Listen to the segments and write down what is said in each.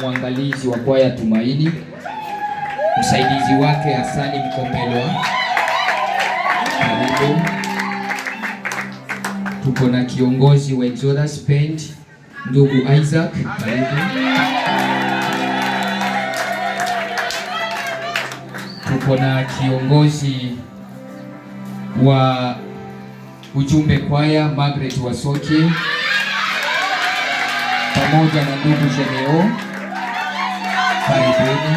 mwangalizi wa kwaya Tumaini, msaidizi wake Hasani Mkombelwa. Karibu. Tuko na kiongozi wa Exodus Band ndugu Isaac, karibu. Tuko na kiongozi wa ujumbe kwaya Margaret Wasoki pamoja na ndugu Jeneo karibuni,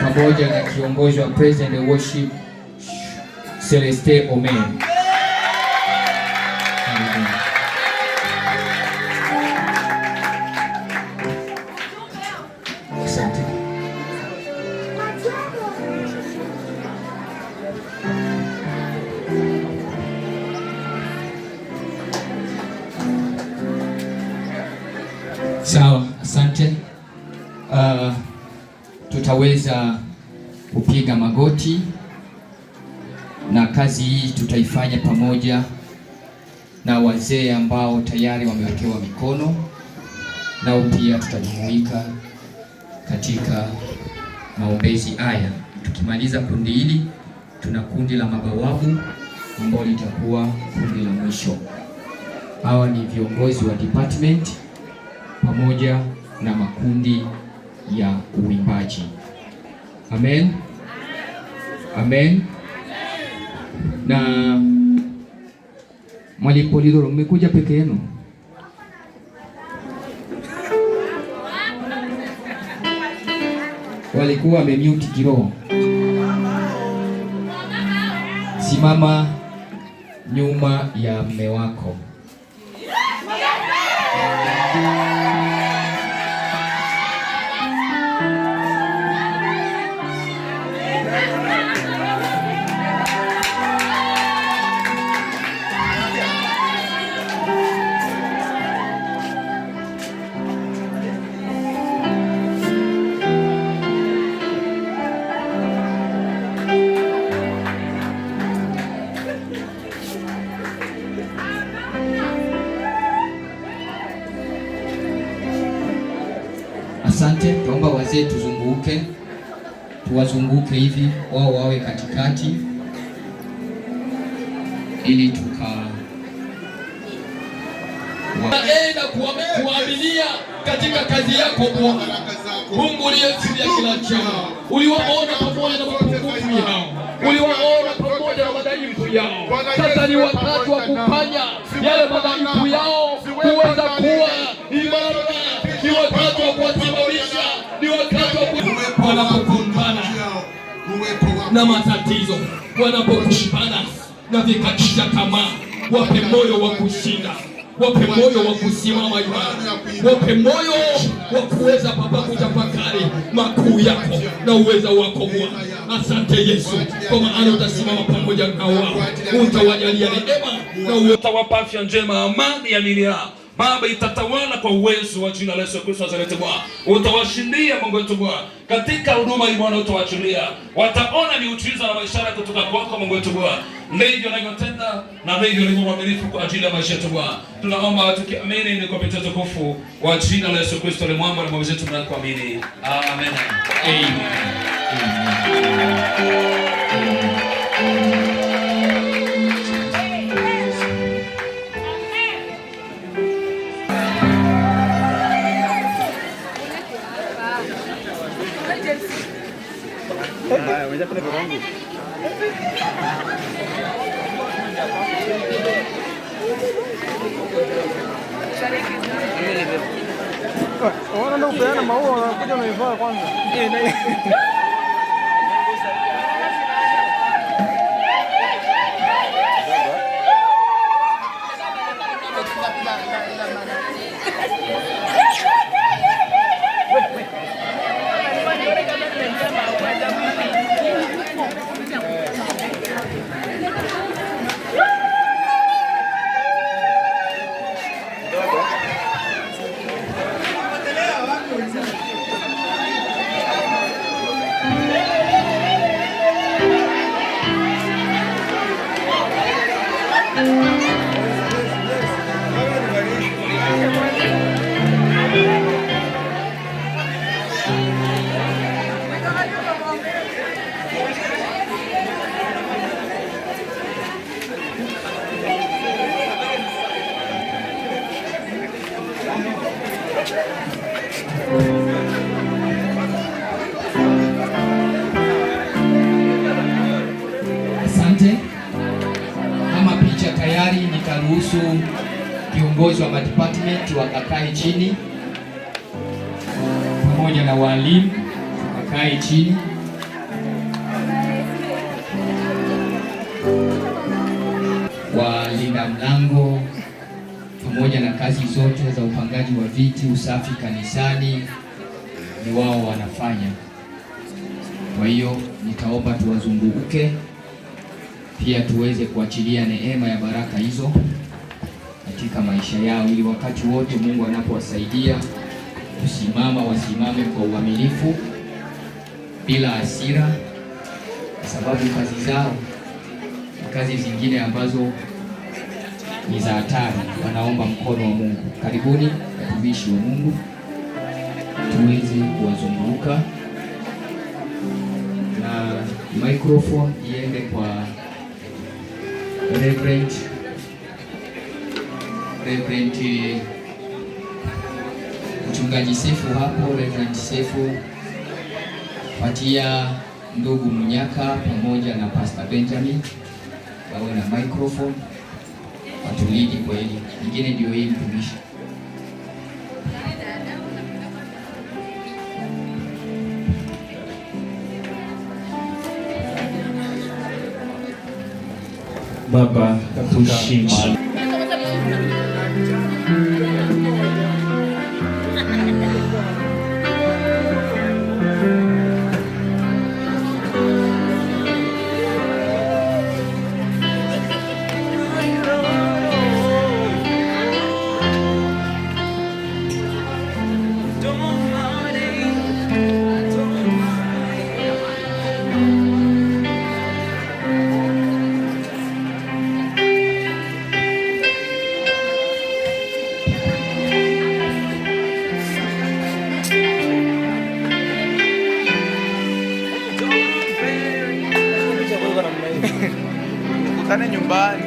pamoja na kiongozi wa President Worship Celeste Omen. Sawa, asante. Uh, tutaweza kupiga magoti na kazi hii tutaifanya pamoja na wazee ambao tayari wamewekewa mikono, nao pia tutajumuika katika maombezi haya. Tukimaliza kundi hili, tuna kundi la mabawabu ambao litakuwa kundi la mwisho. Hawa ni viongozi wa department pamoja na makundi ya uimbaji. Amen, amen. Na Mwalimu Polidoro, mmekuja peke yenu? Walikuwa wamemute kiroho. Simama nyuma ya mme wako. うん。Asante, naomba wazee tuzunguke, tuwazunguke hivi, wao wawe katikati ili tuka naenda kuaminia katika kazi yako Mungu. Mungu ya kila chao, uliwaona pamoja na mapungufu yao, uliwaona pamoja na madhaifu yao. Sasa ni wakati wa kufanya yale madhaifu yao kuweza kuwa na matatizo, wanapokushana na vikakisha tamaa, wape moyo wa kushinda, wape moyo wa kusimama imara, wape moyo wa kuweza Baba kutafakari makuu yako na uweza wako Bwana. Asante Yesu, kwa maana utasimama pamoja na wao, utawajalia neema na utawapa afya njema, amani ya milele. Baba itatawala kwa uwezo wa jina la Yesu Kristo Nazareti. Bwana utawashindia Mungu wetu Bwana, katika huduma hii Bwana utawachilia, wataona miujiza na maishara kutoka kwako Mungu wetu Bwana. Ndivyo unavyotenda na ndivyo ulivyo mwaminifu kwa ajili ya maisha yetu Bwana. Tunaomba tukiamini ni kupitia tukufu wa jina la Yesu Kristo ni mwamba na mwokozi wetu amen. Amen. Amen. Amen. 我那都不要了，毛我了，不叫你破罐子。Bye. kuhusu viongozi wa department wakakae chini pamoja na walimu wakakae chini walinda mlango pamoja na kazi zote za upangaji wa viti, usafi kanisani ni wao wanafanya. Kwa hiyo nitaomba tuwazunguke pia tuweze kuachilia neema ya baraka hizo katika maisha yao, ili wakati wote Mungu anapowasaidia kusimama, wasimame kwa uaminifu bila hasira, kwa sababu kazi zao na kazi zingine ambazo ni za hatari wanaomba mkono wa Mungu. Karibuni watumishi wa Mungu tuweze kuwazunguka na microphone iende kwa Reverend Reverend mchungaji Sefu hapo, Reverend Sefu, patia ndugu Mnyaka pamoja na Pastor Benjamin wawe na microphone watulidi kwa hili nyingine, ndio hii mtumishi Baba Pushimani. Don't kanan yung van.